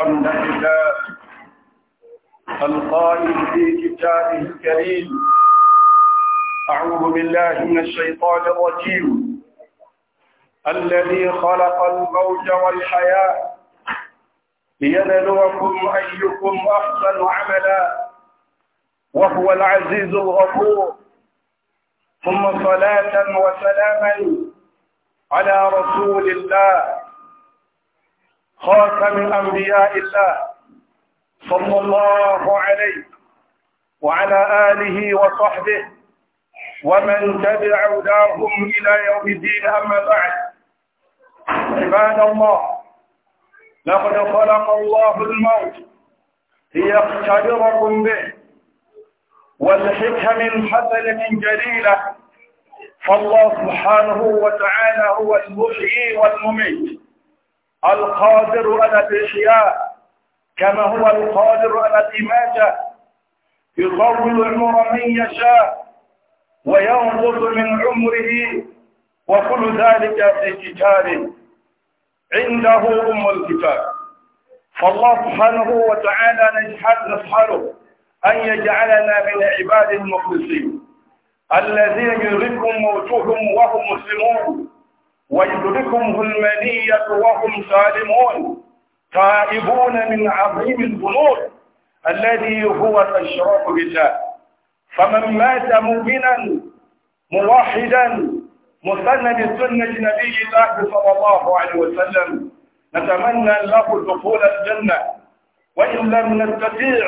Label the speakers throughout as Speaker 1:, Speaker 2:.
Speaker 1: الحمد لله القائل في كتابه الكريم أعوذ بالله من الشيطان الرجيم الذي خلق الموت والحياة ليبلوكم أيكم أحسن عملا وهو العزيز الغفور ثم صلاة وسلاما على رسول الله خاتم أنبياء الله صلى الله عليه وعلى آله وصحبه ومن تبع هداهم إلى يوم الدين أما بعد عباد الله لقد خلق الله الموت ليختبركم به والحكمة من حسنة جليلة فالله سبحانه وتعالى هو المحيي والمميت القادر على الإحياء كما هو القادر على الإماتة يطول عمر من يشاء وينقص من عمره وكل ذلك في كتاب عنده أم الكتاب فالله سبحانه وتعالى نجحل نسحله أن يجعلنا من عباده المخلصين الذين يدركهم موتهم وهم مسلمون ويدركهم المنية وهم سالمون تائبون من عظيم الذنوب الذي هو الاشراك بالله فمن مات مؤمنا موحدا مسند سنة نبي الله صلى الله عليه وسلم نتمنى له دخول الجنة وإن لم نستطيع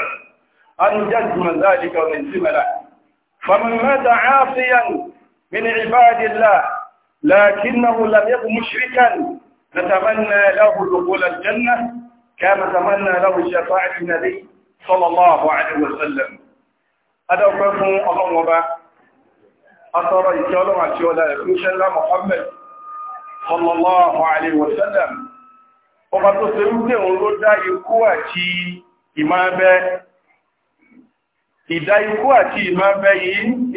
Speaker 1: أن نجزم ذلك ونجزم له فمن مات عاصيا من عباد الله لكنه لم يكن مشركا نتمنى له دخول الجنة كما تمنى له شفاعة النبي صلى الله عليه وسلم هذا أفرهم الله وبا أثر إسلام عن شولا محمد صلى الله عليه وسلم وقد tó ṣe wípé òun ló dá ikú àti ìmábẹ́ ìdá ikú àti ìmábẹ́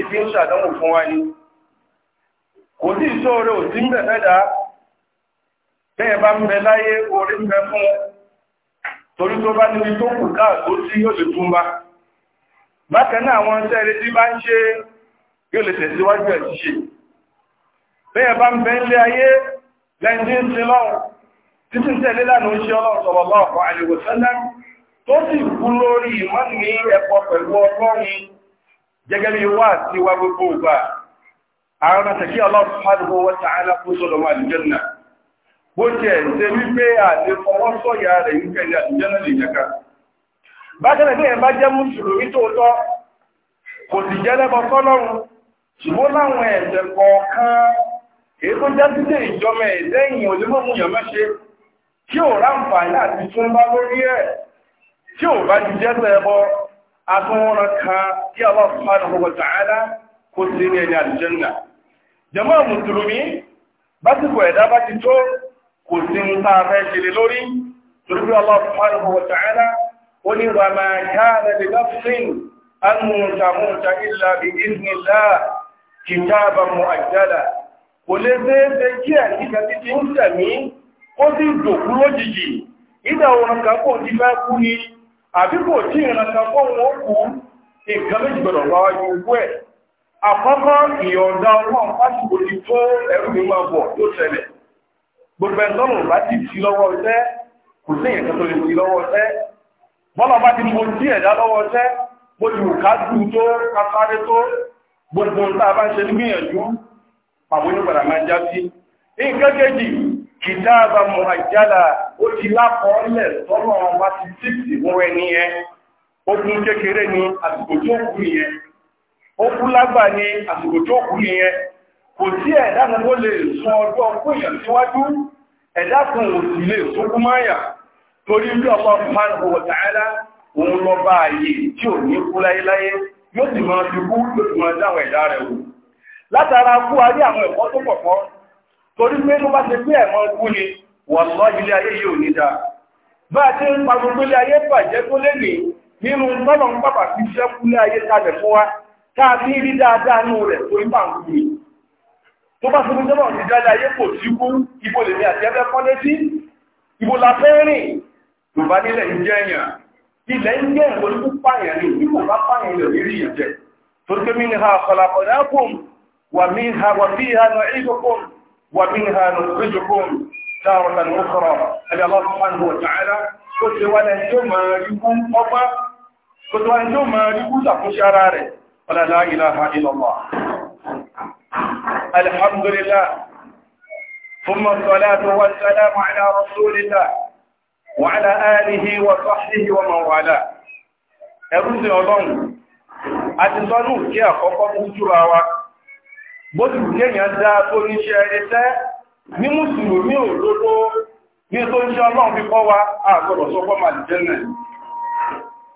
Speaker 1: kò sí ìṣòro ò sí ń bẹ̀ fẹ́dà bẹ́ẹ̀ bá ń bẹ láyé orí ń bẹ fún torí tó bá níbi tó kù káàkó sí yóò lè tún bá bákan náà àwọn iṣẹ́ eré tí bá ń ṣe yóò lè tẹ̀síwájú ẹ̀ ṣíṣe bẹ́ẹ̀ bá ń lé ayé lẹ́ndí títí sallallahu alaihi wasallam tó sì kú lórí ìmọ̀ ní ẹ̀pọ̀ pẹ̀lú ọlọ́run gẹ́gẹ́ bí wá àwọn àtàkì ọlọ́pàá wọ́ta alákòóso lọ́wọ́ àdìjẹ́nà bó jẹ́ ṣe wípé àti fọwọ́ rẹ̀ wípé ní àdìjẹ́nà lè jẹ́ka bákẹ́lẹ̀ ní ẹ̀bá jẹ́ mùsùlùmí tóótọ́ kò sì jẹ́ lẹ́bọ sọ́lọ́run ṣùgbọ́n sí ní ẹni jẹmọ́ mùsùlùmí básìkò ẹ̀dá bá ti tó kò sí ń ta fẹ́ ṣe lè lórí torí bí Allah subhanahu wa ta'ala ó ní wa ma kana li nafsin an tamuta illa bi idhnillah kitaban mu'ajjala kò lè déédé kí ẹ̀ nígbà tí ti ń tẹ̀mí ó sì dòkú lójijì ìdá òun kan kò ti fẹ́ kú ni àbí kò tí ìrìnà kan kó wọn kú nǹkan méjì gbọdọ̀ wáwájú ikú ẹ̀ àkọ́kọ́ ìyọ̀ǹda ọlọ́run pásìkò ti tó ẹrù mi máa bọ̀ tó ṣẹlẹ̀ gbogbo ẹ̀tọ́nù bá ti fi lọ́wọ́ iṣẹ́ kò sí ìyẹ̀kẹ́ tó lè fi lọ́wọ́ iṣẹ́ bọ́lá bá ti mo dí ẹ̀dá lọ́wọ́ iṣẹ́ bó ti wù ká dù tó kásáré tó gbogbo ń tá a bá ń ṣe ní gbìyànjú àwọn onígbàdà máa já sí nǹkan kejì kìtàbà mọ̀hàjálà ó ti lápọ̀ọ́lẹ̀ tọ́lọ́ wa ti tíìsì wọ́n ẹni yẹn ogun kékeré ni àsìkò tó kù yẹn ó kú lágbà ní àsìkò tó kú nìyẹn kò sí ẹ̀dá kan tó lè sún ọjọ́ péyàn síwájú ẹ̀dá kan ò sì lè sókú máyà torí bí ọ̀pọ̀ subhanahu wa ta'ala òun lọ bá ààyè tí ò ní kú láyéláyé yóò sì máa fi kú yóò máa dáwọn ẹ̀dá rẹ̀ wò látara kú a rí àwọn ẹ̀kọ́ tó pọ̀pọ̀ torí pé ló bá ti pé ẹ̀mọ́ kú ni wọ́n lọ ilé ayé yóò ní dáa bá ti ń pa gbogbo ilé ayé bàjẹ́ tó lé nì nínú tọ́lọ̀ ń pàpà fi ṣẹ́kú ilé ayé kalẹ̀ fún wa káàkiri rí dáadáa nú rẹ̀ tó ń bá ń gbé tó bá sọ gbogbo náà ti dáadáa ayé kò sí kú ibo lèmi àti ẹgbẹ́ kọ́lé sí ibo la fẹ́ rìn tó bá nílẹ̀ ń jẹ́ èèyàn ilẹ̀ ń jẹ́ ìwọ̀n tó pààyàn ní bí kò bá pààyàn lè rí ìyàn jẹ tó ń tẹ́mí ní ha khalaqnakum wà mí ha wà bí ha nà ìjọkùn wà mí ha nà ìjọkùn táwọn kan ó sọ̀rọ̀ ẹ̀dá ولا لا إله إلا الله الحمد لله ثم الصلاة والسلام على رسول الله وعلى آله وصحبه ومن والاه ẹ̀rùn ọlọ́run àti sọ́nù kí àkọ́kọ́ mú jùra wa bó ti rù kéèyàn dá tó níṣẹ́ ẹ̀ẹ́sẹ́ ní mùsùlùmí òdodo ní tó ń ṣe ọlọ́run fi kọ́ wa àgbọ̀dọ̀ sọ́kọ́ màlìjẹ́nà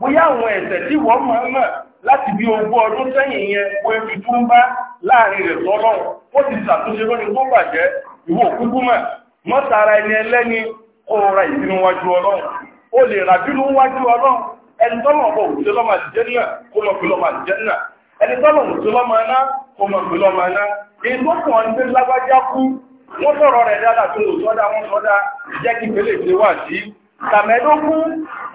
Speaker 1: bóyá àwọn ẹ̀ṣẹ̀ tí wọ́n máa mọ̀ láti bí ogún ọdún sẹ́yìn yẹn wo ebi tó ń bá láàrin rẹ̀ lọ́lọ́run ó ti ṣàtúnṣe lónìí tó bàjẹ́ ìwọ òkúkú mọ̀ mọ́tara ẹni ẹlẹ́ni kó ra ìbínú wájú ọlọ́run ó lè ra bínú wájú ọlọ́run ẹni tọ́lọ̀ bọ̀ òṣèlú lọ́mọ àtijẹ́ kó lọ fi lọ́mọ ẹni tọ́lọ̀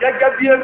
Speaker 1: gẹ́gẹ́ bí